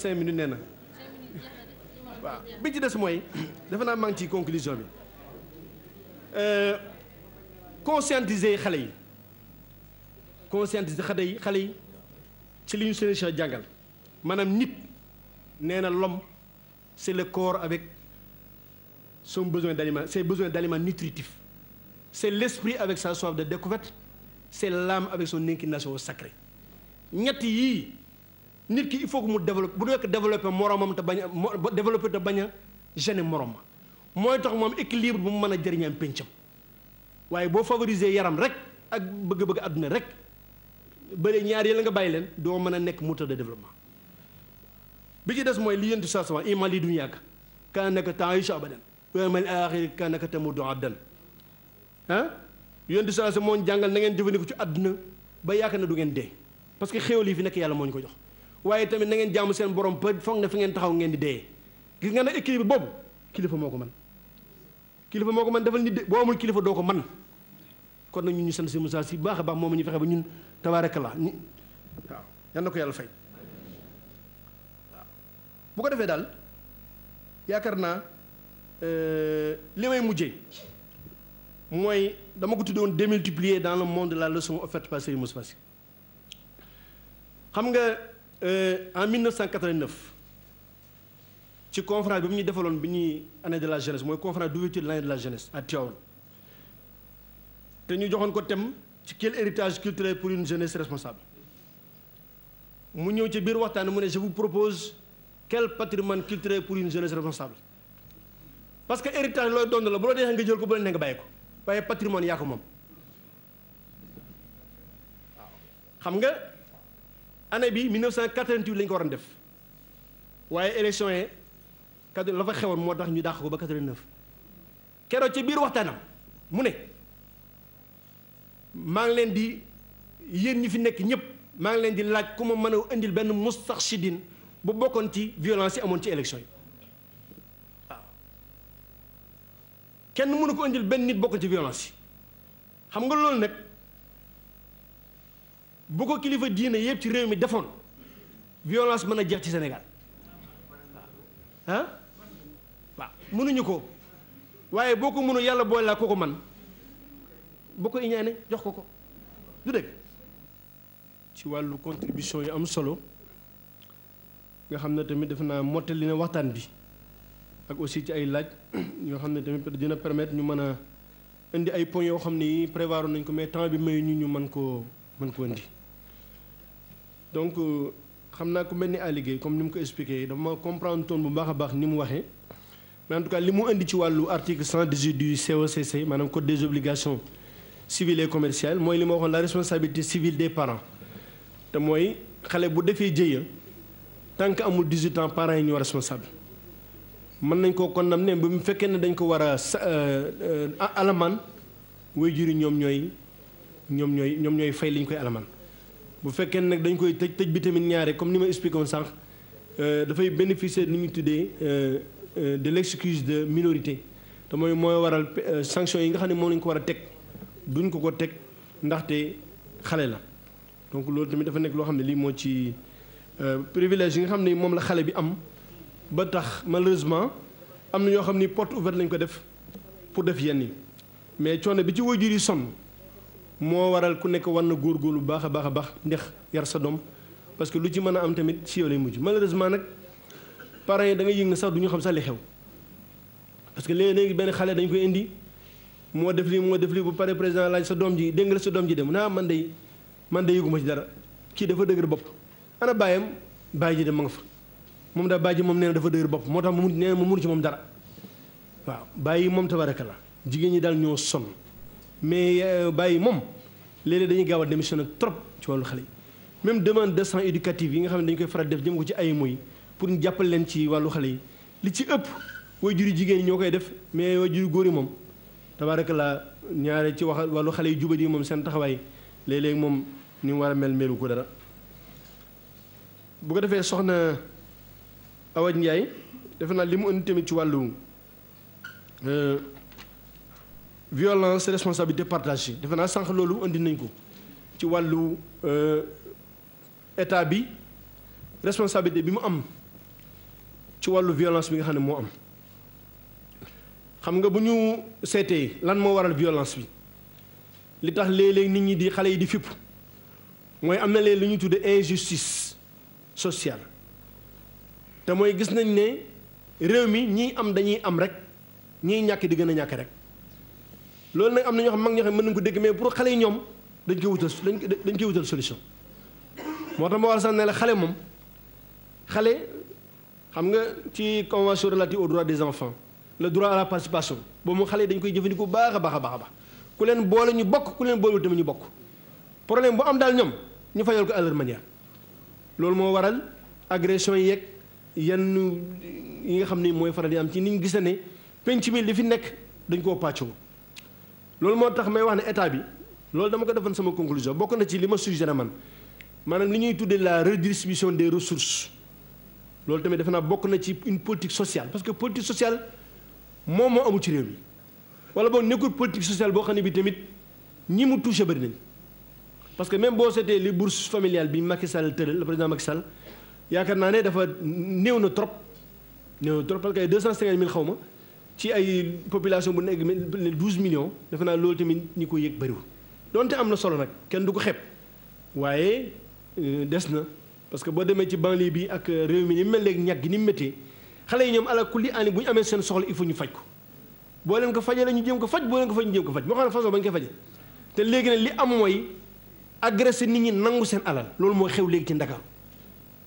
cinq minutes nee na waaw bi ci des mooy defe naa maa ngi ci conclusion bi euh, conscientiser xale yi conscientiser xale yi xale yi ci li ñu seen Cheikh jàngal maanaam nit nee na l'homme c'est le corps avec son besoin d'aliments ses besoins d'aliments nutritifs c'est l'esprit avec sa soif de découverte c'est l'âme avec son inclination au sacré ñett yii nit ki il foog mu développe bu nekk développé moromam te bañ a développé te bañ a gêné morom ma mooy tax moom équilibre bu mu mën a jëriñam péncam waaye boo favoriser yaram rek ak bëgg-bëgg àdduna rek bële ñaar yi la nga bàyyi leen doo mën a nekk mu de développement bi ci des mooy li yentu saa sama iman lii duñu yàgg kaa nekk temps yu abadan wamal axiri kaa nekk tamu don abdan ah yentu saa sa moo jàngal na ngeen jëfandiku ci àdduna ba yaakaar na du ngeen dee parce que xéewal yi fi nekk yàlla moo ko jox waaye tamit na ngeen jaamu seen borom ba foog ne fi ngeen taxaw ngeen di dee gis nga ne équilibre boobu kilifa moo ko mën kilifa moo ko man defal nit de boo amul kilifa doo ko mën kon nag ñun ñu sant si Moussa si baax a baax moom ñu fexe ba ñun tabaarakallaa ñu la yan na ko yàlla fay bu ko defee daal yaakaar naa euh, li may mujjee mooy dama ko tuddoon démultiplier dans le monde la leçon offerte par Serigne Moustapha Sy xam nga. Euh, en 1989 ci conférence bi mu ñuy defaloon bi ñuy année de la jeunesse mooy conférence d'ouverture de l'année de la jeunesse à Tivaouane te ñu joxoon ko thème ci quel héritage culturel pour une jeunesse responsable mu ñëw ci biir waxtaan mu ne je vous propose quel patrimoine culturel pour une jeunesse responsable parce que héritage looy doon la boo la neexee nga jël ko bu la neexee nga bàyyi ko waaye patrimoine yaa ko moom waaw xam nga. année bi 1988 la ñu ko waroon def waaye élection yi kat la fa xewoon moo tax ñu dàq ko ba 89 keroog ci biir waxtaanam mu ne maa ngi leen di yéen ñi fi nekk ñëpp maa ngi leen di laaj ku ma mën a indil benn mustaxsidin bu bokkoon ci violence yi amoon ci élection yi kenn mënu ko indil benn nit bokkoon ci violence yi xam nga loolu nag. bu ko kilifa diine yëpp ci réew mi defoon violence mën a jeex ci Sénégal ah waaw mënuñu ko waaye boo ko mënul yàlla boole laa ko ko man boo ko iñaane jox ko ko du dëgg ci wàllu contribution yu am solo nga xam ne tamit def naa li na waxtaan bi ak aussi ci ay laaj yoo xam ne tamit dina permettre ñu mën a indi ay points yoo xam ne yi prévoir nañ ko mais temps bi may ñu ñu mën ko mën koo indi donc euh, xam naa ku mel ni Aly Gueye comme ni mu ko expliqué dama comprendre toon bu baax a baax ni mu waxee mais en tout li mu indi ci wàllu article 118 du COCC maanaam code des obligations civiles et commerciales mooy li ma waxoon la responsabilité civile des parents te mooy xale bu defee jëya tant que amul 18 ans yi ñu responsable mën nañ ko koo ne ba mu fekkee ne dañ ko war a euh, euh, alamaan waajur yi ñoom ñooy ñoom ñooy ñoom ñooy fay li ñu koy alamaan bu fekkee nag dañ koy tëj tëj bi tamit ñaare comme ni ma expliqué woon sànq euh, dafay bénéficier ni ñu tuddee euh, euh, de l' excuse de minorité te mooy mooy waral sanction yi nga xam ne moom lañ ko war a teg duñ ko ko teg ndaxte xale la donc loolu tamit dafa nekk loo xam ne lii moo ci privilège yi nga xam ne moom la xale bi am ba tax malheureusement am na ñoo xam ni porte ouverte lañ ko def pour def yenn yi mais coono bi ci waajur yi sonn moo waral ku nekk war na góorgóorlu bu baax a baax a baax ndex yar sa doom parce que lu ci mën a am tamit si yow lay mujj malheureusement nag parents yi da ngay yëg na sax du ñu xam sax li xew parce que léegi-léegi benn xale dañ koy indi moo def lii moo def lii bu pare président laaj sa doom ji dégg nga sa doom ji dem naa ah, man day man day yëguma ci dara kii dafa dëgër bopp ana bàyyam bàyyi ji dem ma nga fa moom daal bàyyi moom na dafa dëgër bopp moo tax mu nee na mu mur moom dara waaw bàyyi moom tabaraka la jigéen ñi daal ñoo sonn mais euh, bàyyi moom léeg-léeg dañuy gaaw a démissionné trop ci wàllu xale yi même demande de sang éducative yi nga xam ne dañu koy faral def jëm ko ci ay moy pour ñu leen ci wàllu xale yi li ci ëpp way juri jigéen ñi ñoo koy def mais way juri góor yi moom tabaaraka la ñaare ci wax wàllu xale yu jubadi moom seen taxawaay léeg moom ni war a mel melu ko dara bu ko defee soxna Awa Ndiaye defe naa li mu indi tamit ci wàllu euh, violence responsabilité partagée defe naa sànq loolu indi nañ ko ci wàllu euh, état bi responsabilité bi mu am ci wàllu violence bi nga xam ne moo am xam nga bu ñu seetee lan moo waral violence bi li tax léeg-léeg nit ñi di xale yi di fipp mooy am na leen lu ñuy tuddee injustice sociale te mooy gis nañ ne réew mi ñiy am dañuy am rek ñiy ñàkk di gën a ñàkk rek loolu nag am na ñoo xam mag ñoo xam mën nañ ko dégg mais pour xale yi ñoom dañ koy wutal dañ koy wutal solution moo tax ma war sax ne xale moom xale xam nga ci convention relative aux droits des enfants le droit à la participation boobu moom xale yi dañ koy jëfandikoo baax a baax a baax a baax ku leen boole ñu bokk ku leen boolewul tamit ñu bokk problème bu am daal ñoom ñu fajal ko à leur manière loolu moo waral agression yeeg yan yi nga xam ne mooy faral di am ci ni ñu gis ne penc bi li fi nekk dañ koo pàccoo. loolu moo tax may wax ne état bi loolu dama ko defoon sama conclusion bokk na ci li ma suggéré man maanaam li ñuy tuddee la redistribution des ressources loolu tamit def naa bokk na ci une politique sociale parce que politique sociale moom moo amul ci réew mi wala boo nekkul politique sociale boo xam ne bi tamit ñi mu touché bari nañ parce que même boo seetee li bourse familiale bi Macky Sall tëral le président Macky Sall yaakaar naa ne dafa néew na trop néew na trop cent cinquante mille xaw ma ci ay population bu nekk ne douze millions defe naa loolu tamit ñi ko yëg bëriwul donte am na solo nag kenn du ko xeeb waaye euh, des na parce que boo demee ci banlieue bi ak euh, réew mi ni mel léegi ñàkk gi ni mu méttee xale yi ñoom ku li aani bu ñu amee seen soxla il faut ñu faj ko boo leen ko fajee la ñu ko faj boo leen ko faj ñu jéem ko faj moo xam ne façon ba ñu koy fajee te léegi nag li am mooy agressé nit ñi nangu seen alal loolu mooy xew léegi ci Ndakaaru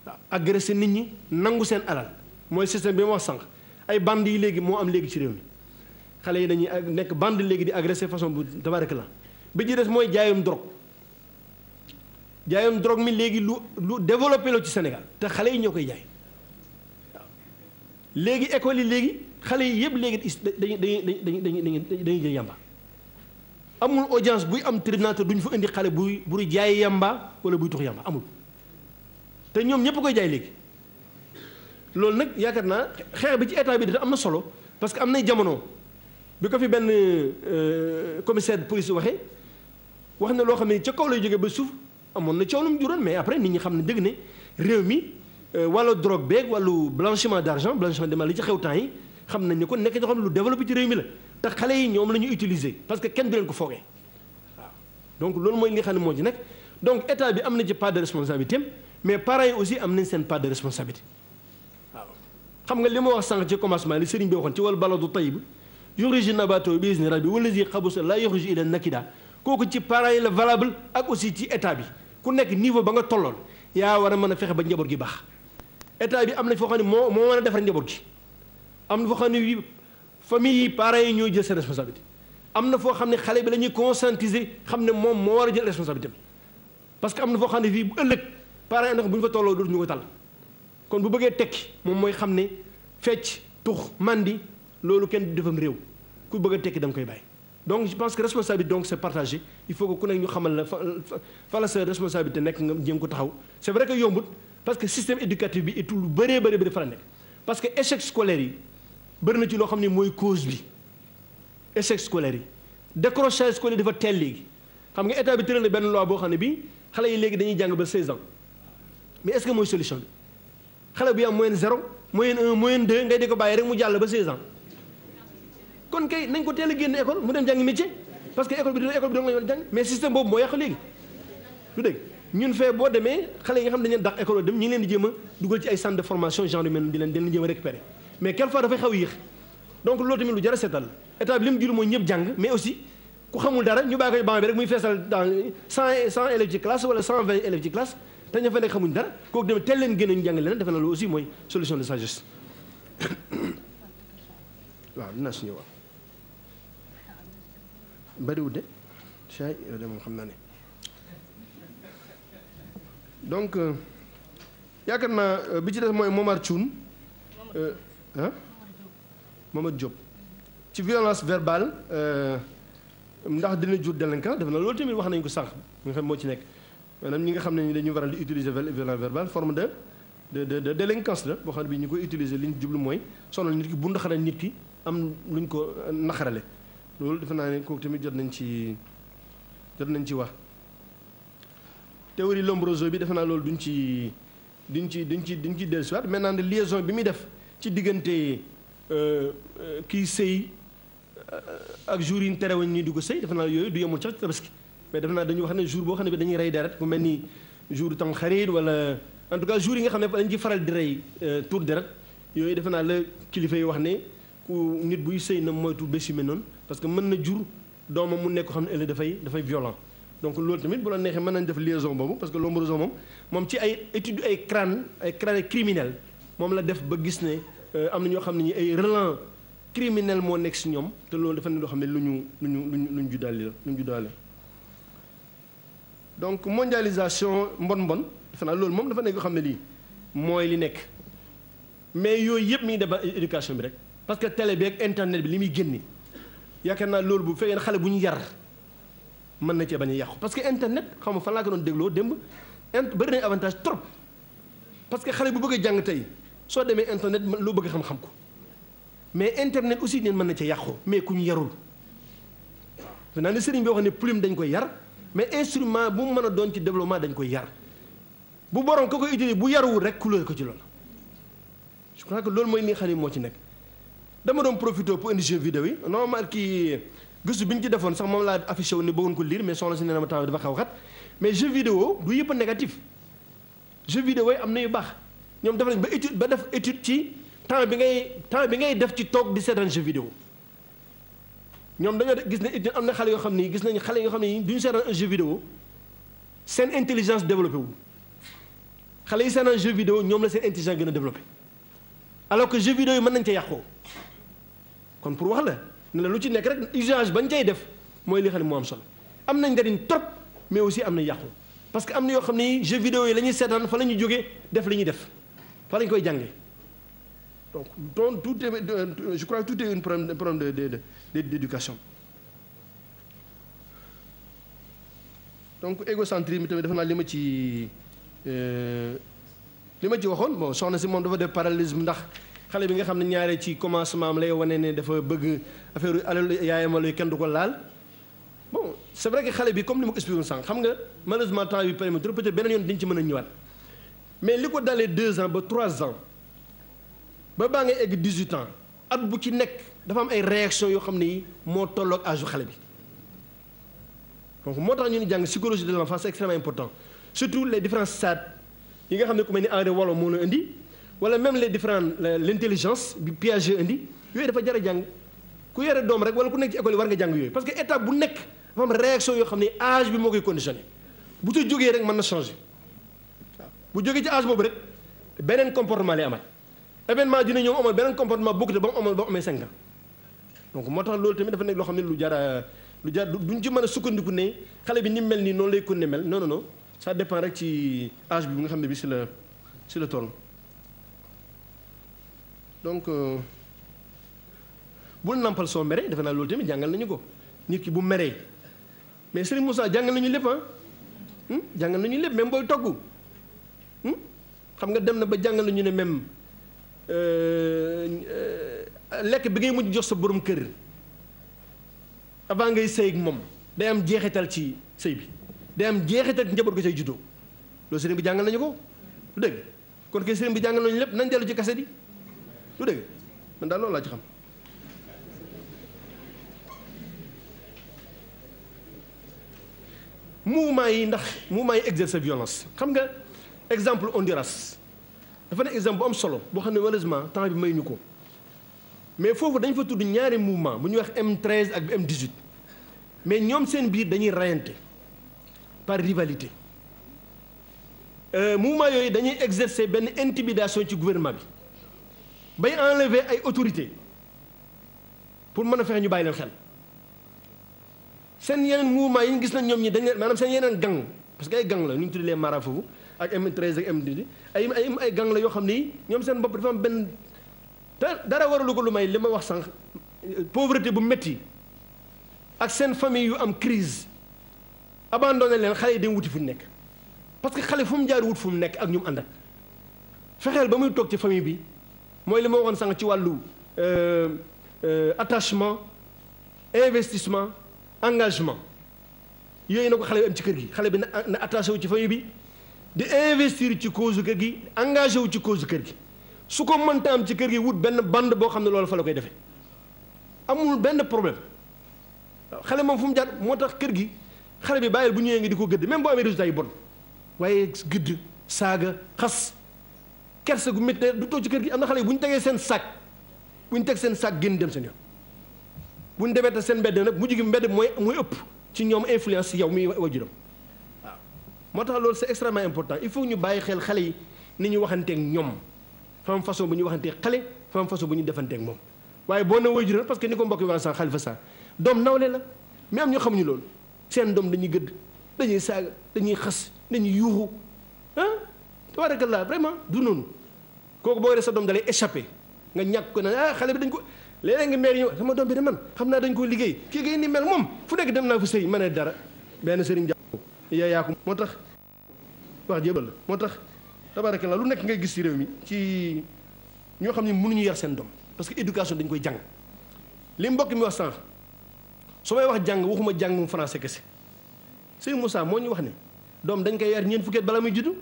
waaw agressé nit ñi nangu seen alal mooy système bi ma wax sànq ay bande yi léegi moo am léegi ci réew mi xale yi dañuy nekk bande léegi di agressé façon bu tabarak la bi ci des mooy jaayum drogue jaayum drogue mi léegi lu lu développé la ci Sénégal te xale yi ñoo koy jaay waaw léegi école yi léegi xale yi yëpp léegi dañuy dañuy dañuy dañuy jël yàmba amul audience buy am tribunal te duñ fa indi xale buy buy jaay yàmba wala buy tux yàmba amul te ñoom ñëpp koy jaay léegi. loolu nag yaakaar naa xeex bi ci état bi da am na solo parce que am nay jamono bi ko fi benn euh, commissaire de police waxee wax na loo xam ne ci kaw lay jóge ba suuf amoon na coow lu mu mais après nit ñi xam ne dëgg ne réew mi euh, wàllu drogue beeg wàllu blanchiment d' argent blanchiment de mal li ci xew temps yi xam nañ ne ko nekk na xam lu développé ci réew mi la te xale yi ñoom la ñu utiliser parce que kenn du leen ko foogee waaw donc loolu mooy li xam ne moo ci nekk donc état bi am na ci part de responsabilité mais parents aussi am nañ seen part de responsabilité. xam nga li ma wax sànq ci commencement li sëriñ bi waxoon ci wal baladu tayyib yuxriju nabato bi izni rabbi wallazi xabusa la yuxriju ila nakida kooku ci pareil la valable ak aussi état bi ku nekk niveau ba nga tolloon yaa war a mën a fexe ba njaboot gi baax état bi am na foo xam ne moo moo mën a defar njaboot gi am na foo xam ne famille yi parents yi ñooy jël seen responsabilité am na foo xam ne xale bi la ñuy conscientiser xam ne moom moo war a jël responsabilité parce que am na foo xam ne fii bu ëllëg parents yi bu ñu fa tolloo ñu ko tàll kon bu bëggee tekki moom mooy xam ne fecc tux mandi loolu kenn defam réew ku bëgg a tekki da nga koy bàyyi donc je pense que responsabilité donc c'est partagé il faut que ku nekk ñu xamal la fa la sa responsabilité nekk nga jéem ko taxaw c'est vrai que yombut parce que système éducatif bi itul lu bëree bëri bëri fa la nekk parce que échec scolaire yi bëri na ci loo xam ne mooy cause bi échec scolaire yi décrochage scolaire dafa teel léegi xam nga état bi të na benn loi boo xam ne bii xale yi dañuy jàng ba 16 ans mais mooy solution bi xale bi am moyenne zéro moyenne un moyenne deux ngay di ko bàyyi rek mu jàll ba 16 ans kon kay nañ ko teel a génn école mu dem jàngi métier que école bi école bi jàng mais système boobu moo yàqu léegi du dégg ñun fee boo demee xale yi nga xam ne dañu leen dàq école dem ñu leen di jéem a dugal ci ay centre de formation genre humaine di leen di leen jéem a récupérer mais quelque fois dafay xaw yéex donc loolu tamit lu jar seetal état bi li mu mooy ñëpp jàng mais aussi ku xamul dara ñu bàyyi ko banc bi rek muy te ña fa nekk xamuñ dara kooku demee teel leen génne ñu jàngale leen defe naa loolu aussi mooy solution de sagesse suñu wax bariwul xam naa ne donc euh, yaakaar naa euh, bi ci des mooy Momar Thioune ah Momar Diop ci violence verbale ndax dina jur délinquant def na loolu tamit wax nañ ko sànq mi nga xam moo ci nekk maanaam ñi nga xam ne ni dañuy waral di utiliser violence verbale forme de de de délinquance la boo xam ne bi ñu koy utiliser li ñu jublu mooy sonal nit ki bund xaral nit ki am luñ ko euh, naxarale loolu defe naa ne kooku tamit jot nañ ci jot nañ ci wax théorie Lombroso bi defe naa loolu duñ ci duñ ci duñ ci duñ ci dellusiwaat maintenant liaison bi muy def ci diggante euh, euh, kii sëy ak jour yi tere terewoon ñuy di ko sëy defe naa yooyu du yemul ca tabaski mais def naa dañu wax ne jour boo xam ne bi dañuy rey deret mu mel ni jour tam xarit wala en tout cas jour yi nga xam ne dañ ci faral di rey euh, tur deret yooyu defe naa la kilifa yi wax ne ku nit buy sëy na moytu bés yu mel noonu parce que mën na jur doomam mu nekk ko xam ne ëllëg dafay dafay violent donc loolu tamit bu la neexee mën nañ def liaison boobu parce que l'ombroso moom moom ci ay étude ay crâne ay crâne moom la def ba gis ne euh, am na ñoo xam ne ñi ay relents criminel moo nekk si ñoom te loolu dafa ne loo xam ne lu ñu lu ñu lu ñu lu ñu juddaale la lu ñu juddaale donc mondialisation mbon mbon defe loolu moom dafa nekk xam ne lii mooy li nekk mais yooyu yëpp mi ngi def éducation bi rek parce que télé bi ak internet bi li muy génne yaakaar naa loolu bu fekkee xale bu ñu yar mën na cee bañ a yàqu parce que internet xam nga fan laa ko doon dégloo démb int bëri nañ avantage trop parce que xale bu bëgg a jàng tey soo demee internet loo bëgg xam-xam ko mais internet aussi neen mën na ca yàqu mais ku ñu yarul. waaw naa ne sëriñ bi wax ne plume dañ koy yar. mais instrument bu mu mën a doon ci développement dañ koy yar bu borom ko koy utiliser bu yaruwul rek couleur ko ci loolu je crois que loolu mooy ni xale moo ci nekk dama doon profité pour indi jeu vidéo yi normal kii gëstu bi ñu ci defoon sax moom laa affiché wu ne bëggoon ko lire mais soxna si ne ma temps dafa xaw xat mais jeu vidéo du yëpp a négatif jeu vidéo yi am na yu baax ñoom def nañ ba étude ba def étude ci temps bi ngay temps bi ngay def ci toog di seetaan vidéo ñoom dañoo gis ne it am na xale yoo xam ne gis nañu xale yoo xam ne duñu seetaan un jeu seen intelligence développé wu xale yi seen jeu vidéo ñoom la seen intelligence gën a développé alors que jeu vidéo yi mën nañ ca yàqoo kon pour wax la ne la lu ci nekk rek usage bañ cay def mooy li xam ne moo am solo am nañ njariñ trop mais aussi am na yàqu parce que am na yoo xam ne jeu vidéo yi la ñuy seetaan fa la ñuy jógee def li ñuy def fa la koy jàngee. donc donc tout est je crois que tout est un problème de de de d'éducation donc égocentrisme tamit dafa naa li ma ci euh, li ma ci waxoon bon soxna si moom dafa def parallélisme ndax xale bi nga xam ne ñaaree ci commencement am lay wane ne dafa bëgg affaire alal yaayam wala kenn du ko laal bon c'est vrai que xale bi comme ni ma ko expliqué sànq xam nga malheureusement temps bi permettre peut-être beneen yoon dañ ci mën a ñëwaat mais li ko dalee deux ans ba trois ans. ba baa ngay egg 18 ans at bu ci nekk dafa am ay réaction yoo xam ne yi moo tolloog âge xale bi donc moo tax ñu ni jàng psychologie de l'enfance c'est extrêmement important surtout les différents stades yi nga xam ne ku mel ni Henri Wallon moo la indi wala même les différents l'intelligence bi Piaget indi yooyu dafa jara jàng ku yore doom rek wala ku nekk ci école yi war nga jàng yooyu parce que état bu nekk dafa am réaction yoo xam ne âge bi moo koy bu ci jógee rek mën na changer bu jógee ci âge boobu rek beneen comportement lay amal. événement dina ñoom amal beneen comportement bokkute ba mu amal ba mu donc moo tax loolu tamit dafa nekk loo xam ne lu jara lu jar duñ ci mën a sukkandiku ne xale bi ni mel nii noonu lay kunne mel non non sa ça dépend rek ci âge bi nga xam ne bi si la si la toll donc euh, bul nampal soo meree defe naa loolu tamit jàngal nañu ko nit ki bu meree mais Serigne Moussa jàngal nañu lépp ah hmm? nañu lépp même booy togg hmm? xam nga dem na ba jàngal nañu ne même Euh, euh, lekk bi ngay mujj jox sa borom kër avant ngay sëy ak moom day am jeexital ci sëy bi day am jeexital ci njaboot gi say juddoo loolu sëriñ bi jàngal nañu ko lu dëgg kon kay sëriñ bi jàngal nañu lépp nañ dellu ci kaset yi lu dëgg man daal loolu laa ci xam mouvement yi ndax mouvement yi sa violence xam nga exemple Honduras dafa nekk exemple bu am solo boo xam ne malheureusement temps bi may ñu ko mais foofu dañ fa tudd ñaari mouvement bu ñu wax M13 ak M18 mais ñoom seen biir dañuy rayante par rivalité euh, mouvement yooyu dañuy exercer benn intimidation ci gouvernement bi bay enlever ay autorités pour mën a fexe ñu bàyyi leen xel seen yeneen mouvement yi ñu gis nañ ñoom ñi dañ leen maanaam seen yeneen gang parce que ay gang la ñu ngi tudd les mara foofu ak M13 ak m ay ay ay gang la yoo xam ni ñoom seen bopp dafa am benn te dara waralu ko lu may li ma wax sànq pauvreté bu metti ak seen famille yu am crise abandonné leen xale yi dem wuti fu ñu nekk parce que xale fu mu jaar wut fu mu nekk ak ñu mu ànd ak fexeel ba muy toog ci famille bi mooy li ma waxoon sànq ci wàllu euh, euh, attachement investissement engagement yooyu na ko xale bi am ci kër gi xale bi na attaché wu ci famille bi di investir ci cause kër gi engagé wu ci cause kër gi su ko mënta am ci kër gi wut benn band boo xam ne loolu fa la koy defee amul benn problème xale moom fu mu jar moo tax kër gi xale bi bàyyil bu ñëwee nga di ko gëdd même boo amee résultat yi bon waaye gëdd saaga xas kersa gu métti du toog ci kër gi am na xale yi bu ñu tegee seen sac bu ñu teg seen saag génn dem seen yoon bu ñu demee te seen mbedd nag mujj gi mbedd mooy mooy ëpp ci ñoom influence yow mi wajuram moo tax loolu c'est extrêmement important il faut ñu bàyyi xel xale yi ni ñu waxanteeg ñoom fa am façon bu ñu waxanteeg xale fa am façon bu ñu defanteeg moom waaye boo na waajur parce que ni ko mbokk yi wax sànq Xalifa Sall doom nawle la mais am ñu xamuñu loolu seen doom dañuy gëdd dañuy saaga dañuy xas dañuy yuuxu ah tabarakallah vraiment du noonu kooku boo yoree sa doom dalay échappé nga ñàkk ko naan ah xale bi dañ ko léeg-léeg nga meer ñëw sama doom bi de man xam naa dañ koo liggéey kii ngay ni mel moom fu dem naa fu sëy ma ne dara benn sëriñ yaa yaa moo tax wax jébal la moo tax tabarakalla lu nekk ngay gis ci réew mi ci ñoo xam ne mënuñu yar seen doom parce que éducation dañ koy jàng li mbokk mi wax sànq su may wax jàng waxuma jàngum français kese sëñ Moussa moo ñu wax ne doom dañ koy yar ñeent fukki at bala muy juddu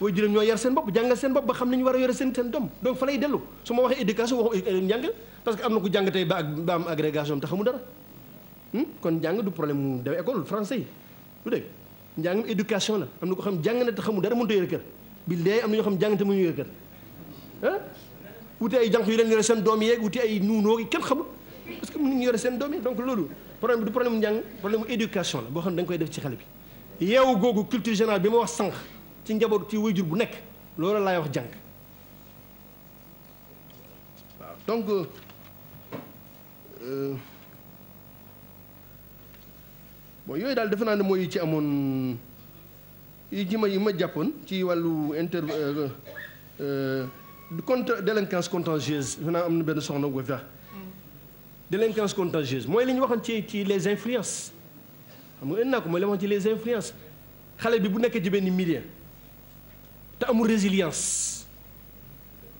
way juróom ñoo yar seen bopp jàngal seen bopp ba xam ne ñu war a yore seen seen doom donc fa lay dellu su ma waxee éducation waxu eh, njàng parce que am na ku jàng tey ba am agrégation te xamu dara hmm? kon jàng problème mu dem école français du dégg njàngam éducation la am na ko xam jàng na te xamul dara mënut a yore kër bi léegi am na ñoo xam jàng te mënuñu yore kër wuti ay jànq yu leen yore seen doom yeeg wuti ay nuunoo yi kenn xamul parce que mënuñu yore seen doom yi donc loolu problème bi du problème njàng problème éducation la boo xam ne da koy def ci xale bi yeewu googu culture générale bi ma wax sànq ci njaboot ci wayjur bu nekk loolu laay wax jàng waaw euh, bon yooyu daal defe naa ne mooy yi ci amoon yi ci ma yi ma jàppoon ci wàllu inter euh, euh, euh, contre délinquance contagieuse defe naa am na benn soxna bu ko fex mm. délinquance contagieuse mooy li ñu waxoon ci ci les influences xam nga indi naa ko mooy li waxoon ci les influences xale bi bu nekkee ci benn milieu te amul résilience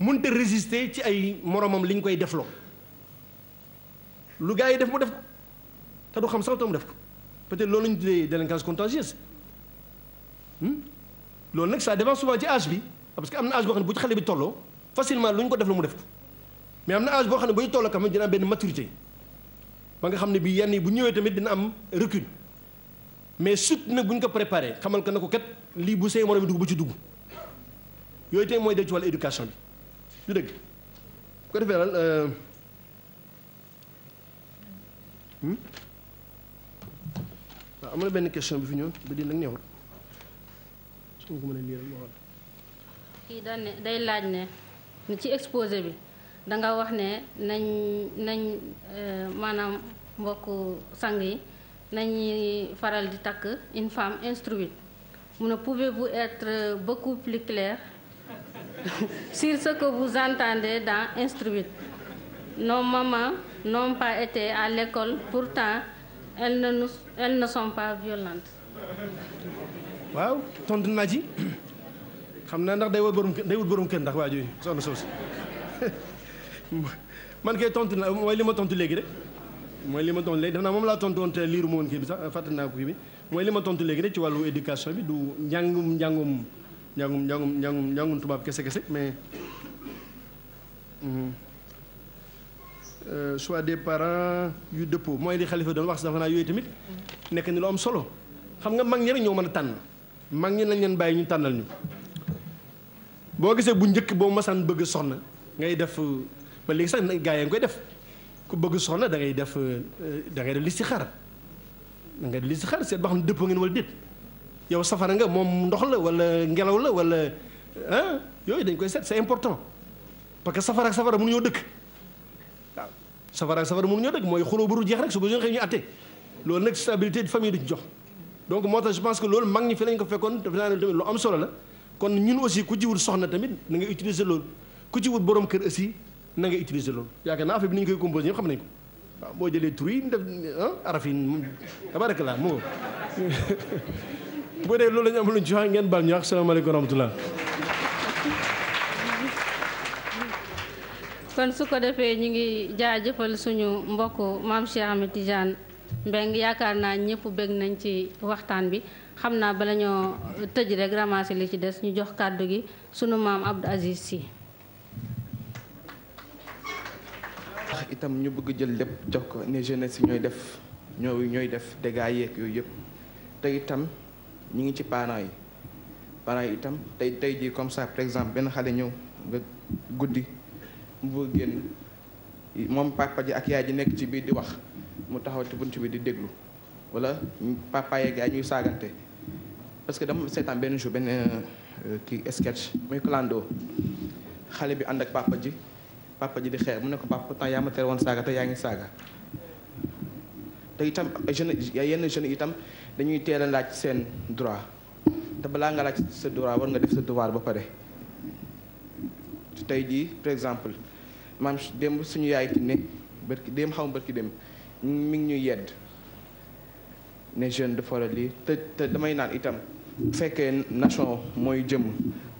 mënut a résister ci ay moromam li ñu koy defloo lu gars yi def mu def te du xam sax te mu def ko. peut-être loolu lañu tuddee délinquance contagieuse hmm? loolu nag ça dépend souvent ci âge bi parce que am na âge boo xam ne bu ci xale bi tolloo facilement lu ñu ko def la mu def ko mais am na âge boo xam ne bu ñu tolloo quand même dina am benn maturité ba nga xam ne bii yenn yi bu ñëwee tamit dina am recul mais surtout nag bu ñu ko préparer xamal ko na ko kat lii bu see moroom dugg ba ci dugg yooyu tamit mooy def ci wàllu éducation bi du dëgg bu ko defee daal. am na benn question bi fi ñëw ba di nag ñëwul su ma ko mënee liiral ma xool. ne day laaj ne ni ci exposé bi da nga wax ne nañ nañ euh, maanaam mbokk sang yi nañ yi faral di takk une femme instruite mu ne pouvez-vous être beaucoup plus clair sur ce que vous entendez dans instruite nos mamans n'ont pas été à l'école pourtant elles na nous elles ne sont pas violentes. waaw tontu naa ci xam naa ndax day wut borom day wut borom kër ndax yi jooju soxna soosu man kay tontu na mooy li ma tontu léegi rek mooy li ma tontu léegi def naa moom laa tontu woon te liiru ma woon kii bi sax fàttali naa ko kii bi mooy li ma tontu léegi rek ci wàllu éducation bi du njàngum njàngum njàngum njàngum njàngum njàngum tubaab kese kese mais. Mm-hmm. Euh, soit des parent yu dëppoo mooy li xalifa doon wax si dafa naa yooyu tamit nekk ni lu am solo xam nga mag ñi rek ñoo mën a tànn mag ñi leen bàyyi ñu tànnal ñu boo gisee bu njëkk boo masaan bëgg soxna ngay def ba léegi sax gaa yaa ngi koy def ku bëgg soxna da ngay def euh, da ngay def listixaar da ngay def listixaar seet boo xam ne dëppoo ngeen wala déet yow safara nga moom ndox la wala ngelaw la wala ah yooyu dañ koy set c'est important parce que safara ak safara mënuñoo dëkk safara ak safara mënu ñoo dëkk mooy xuloo bu dul jeex rek su ba jeune xëy ñu atte loolu nag stabilité de famille du ci jox donc moo tax je pense que loolu mag ñi fi lañ ko fekkoon def naa ne tamit lu am solo la kon ñun aussi ku ci wut soxna tamit na nga utiliser loolu ku ci wut borom kër aussi na nga utiliser loolu yaakaar naa affaire bi ni ñu koy composé ñëpp xam nañ ko waaw boo jëlee tur yi def ah, araf yi tabarakallaa moo boo dee loolu la ñu am lu ñu ci wax ngeen baal ñu wax salaamaaleykum wa rahmatullah kon su ko defee ñu ngi jaajëfal suñu mbokk maam Cheikh Ahmed Tidiane Mbeng yaakaar naa ñëpp bëgg nañ ci waxtaan bi xam naa bala ñoo tëj rek ramasser li ci des ñu jox kàddu gi suñu maam Abdou Aziz si ndax itam ñu bëgg jël lépp jox ko ne jeunesse yi ñooy def ñoo ñooy def dégâts yeeg yooyu yëpp te itam ñu ngi ci parents yi parents yi itam tey tey jii comme ça par exemple benn xale ñëw nga guddi mu bëgg génn moom papa ji ak yaay ji nekk ci biir di wax mu taxaw ci bunt bi di déglu wala papa yeeg yaay ñuy saagante parce que dama seetaan benn jour benn euh, kii sketch muy clando xale bi ànd ak papa ji papa ji di xeer mu ne ko papa pourtant yaa ma teel woon saaga te yaa ngi saaga te itam jeunes yenn jeunes itam dañuy teel a laaj seen droit te balaa nga laaj sa droit war nga def sa devoir ba pare tey jii par exemple maam démb suñu yaay ki ne bërki démb xaw ma bërki démb mi ngi ñuy yedd ne jeune de fora lii te te damay naan itam fekkee nation mooy jëmm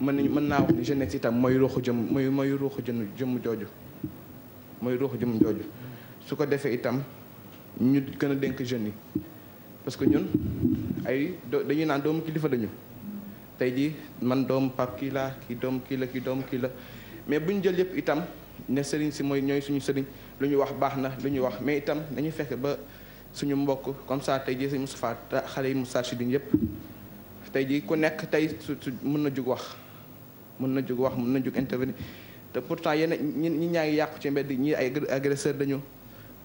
mën nañu mën naa wax ni jeunesse itam mooy ruuxu jëmm mooy mooy jooju mooy ruuxu jëmm jooju su ko defee itam ñu gën a dénk jeunes yi parce que ñun ay dañuy naan doomu kilifa lañu tey jii man doomu pap kii laa kii doomu kii la kii doomu kii mais bu ñu jël yëpp itam ne sëriñ si mooy ñooy suñu sëriñ lu ñu wax baax na lu ñu wax mais itam nañu fexe ba suñu mbokk comme ça tey jii sëñ Moustapha xale yi Moustarchidine yëpp tey jii ku nekk tey su mën na jug wax mën na jug wax mën na jug intervenir te pourtant yéen ñi ñi ñaa ngi yàqu ci mbedd ñii ay agresseur dañu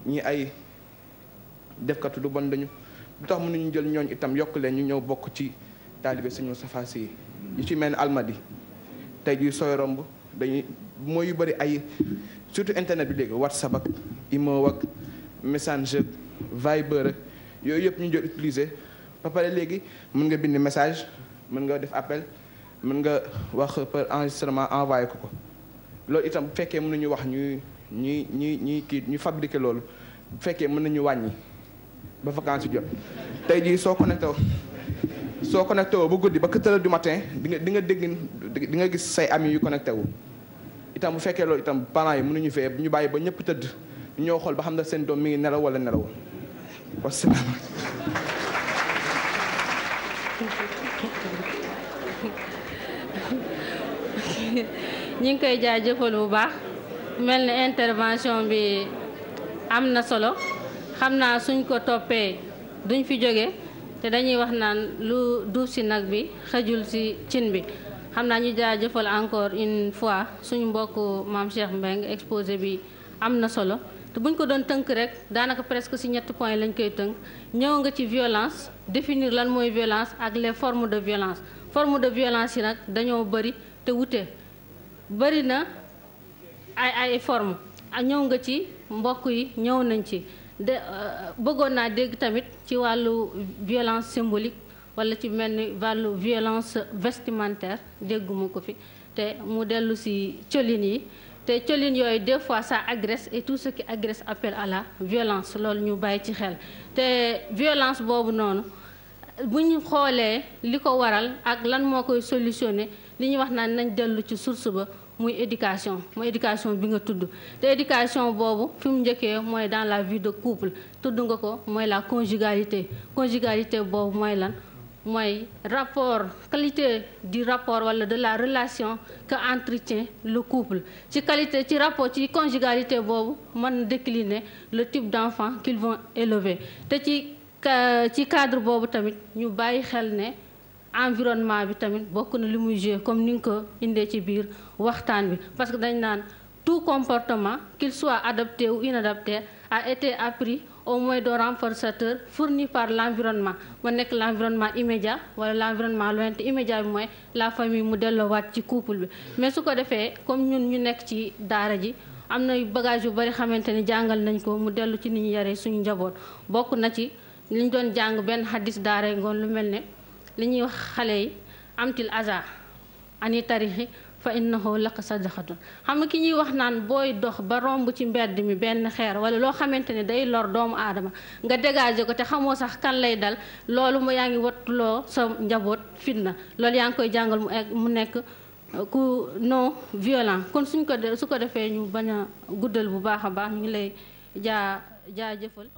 ñii ay defkatu lu bon dañu lu tax jël ñooñ itam yokk leen ñu ñëw bokk ci taalibe sëñ Moustapha si yi ñu ci mel ni Almadi tey ji sooy romb dañuy mooy yu bëri ay surtout internet bi léegi whatsapp ak imo ak messenger viber yooyu yëpp ñu jot utiliser ba pare léegi mën nga bind message mën nga def appel mën nga wax par enregistrement envoyé ko ko loolu itam bu fekkee mën nañu wax ñuy ñuy ñuy ñuy kii ñu fabriqué loolu bu fekkee mën nañu wàññi ba vacances yu jot tey jii soo connecté soo connecté woo ba guddi ba quatre du matin di nga di nga dégg di nga gis say amis yu connecté itam bu fekkee loolu itam parents yi mu mënuñu fee ñu bàyyi ba ñëpp tëdd ñoo xool ba xam ne seen doom mi ngi nelaw wala nelaw ñu ngi koy jaajëfal bu baax mel na intervention bi am na solo xam naa suñ ko toppee duñ fi jóge te dañuy wax naan lu duuf ci nag bi xëjul ci cin bi xam naa ñu jaajëfal encore une fois suñu mbokk maam Cheikh Mbeng exposé bi am na solo te buñ ko doon tënk rek daanaka presque ci ñetti point lañ koy tënk ñëw nga ci violence définir lan mooy violence ak les formes de violence forme de violence yi nag dañoo bëri te wute bëri na ay ay forme ak ah, ñëw nga ci mbokk yi ñëw nañ ci de euh, bëggoon naa dégg tamit ci wàllu violence symbolique wala ci mel ni wàllu violence vestimentaire dégguma ko fi te mu dellu si colin yi te colin yooyu des fois ça agresse et tout ce qui agresse à la violence loolu ñu bàyyi ci xel te violence boobu noonu bu ñu xoolee li ko waral ak lan moo koy solutionné li ñu wax naan nañ dellu ci source ba muy éducation mooy éducation bi nga tudd te éducation boobu fi mu njëkkee mooy dans la vie de couple tudd nga ko mooy la conjugalité conjugalité boobu mooy lan mooy rapport qualité du rapport wala de la relation que entretient le couple ci qualité ci rapport ci conjugalité boobu mën décliner le type d'enfant qu'ils von élever te ci ci cadre boobu tamit ñu bàyyi xel ne environnement bi tamit bokk na li muy jouer comme ni nga ko indee ci biir waxtaan bi parce que dañ naan tout comportement qu'il soit adapté ou inadapté a été appris au moins de renforçateur fourni par l'environnement ma nekk l'environnement immédiat wala l'environnement lointain immédiat bi mooy la famille mu delloowaat ci couple bi mais su ko defee comme ñun ñu nekk ci daara ji am na bagage yu bari xamante ni jàngal nañ ko mu dellu ci ni ñu yaree suñu njaboot bokk na ci li ñu doon jàng benn xadis daara ngoon lu mel ne li ñuy wax xale yi amtil aza ani tarixi fa lakk sa sadaqatun xam nga ki ñuy wax naan booy dox ba romb ci mbedd mi benn xeer wala loo xamante ne day lor doomu aadama nga dégager ko te xamoo sax kan lay dal loolu mu yaa ngi wattuloo sa njaboot fitna loolu yaa ngi koy jàngal mu egg mu nekk euh, ku non violent kon suñ ko su ko defee ñu bañ a guddal bu baax a baax ñu ngi lay jaa jaajëfal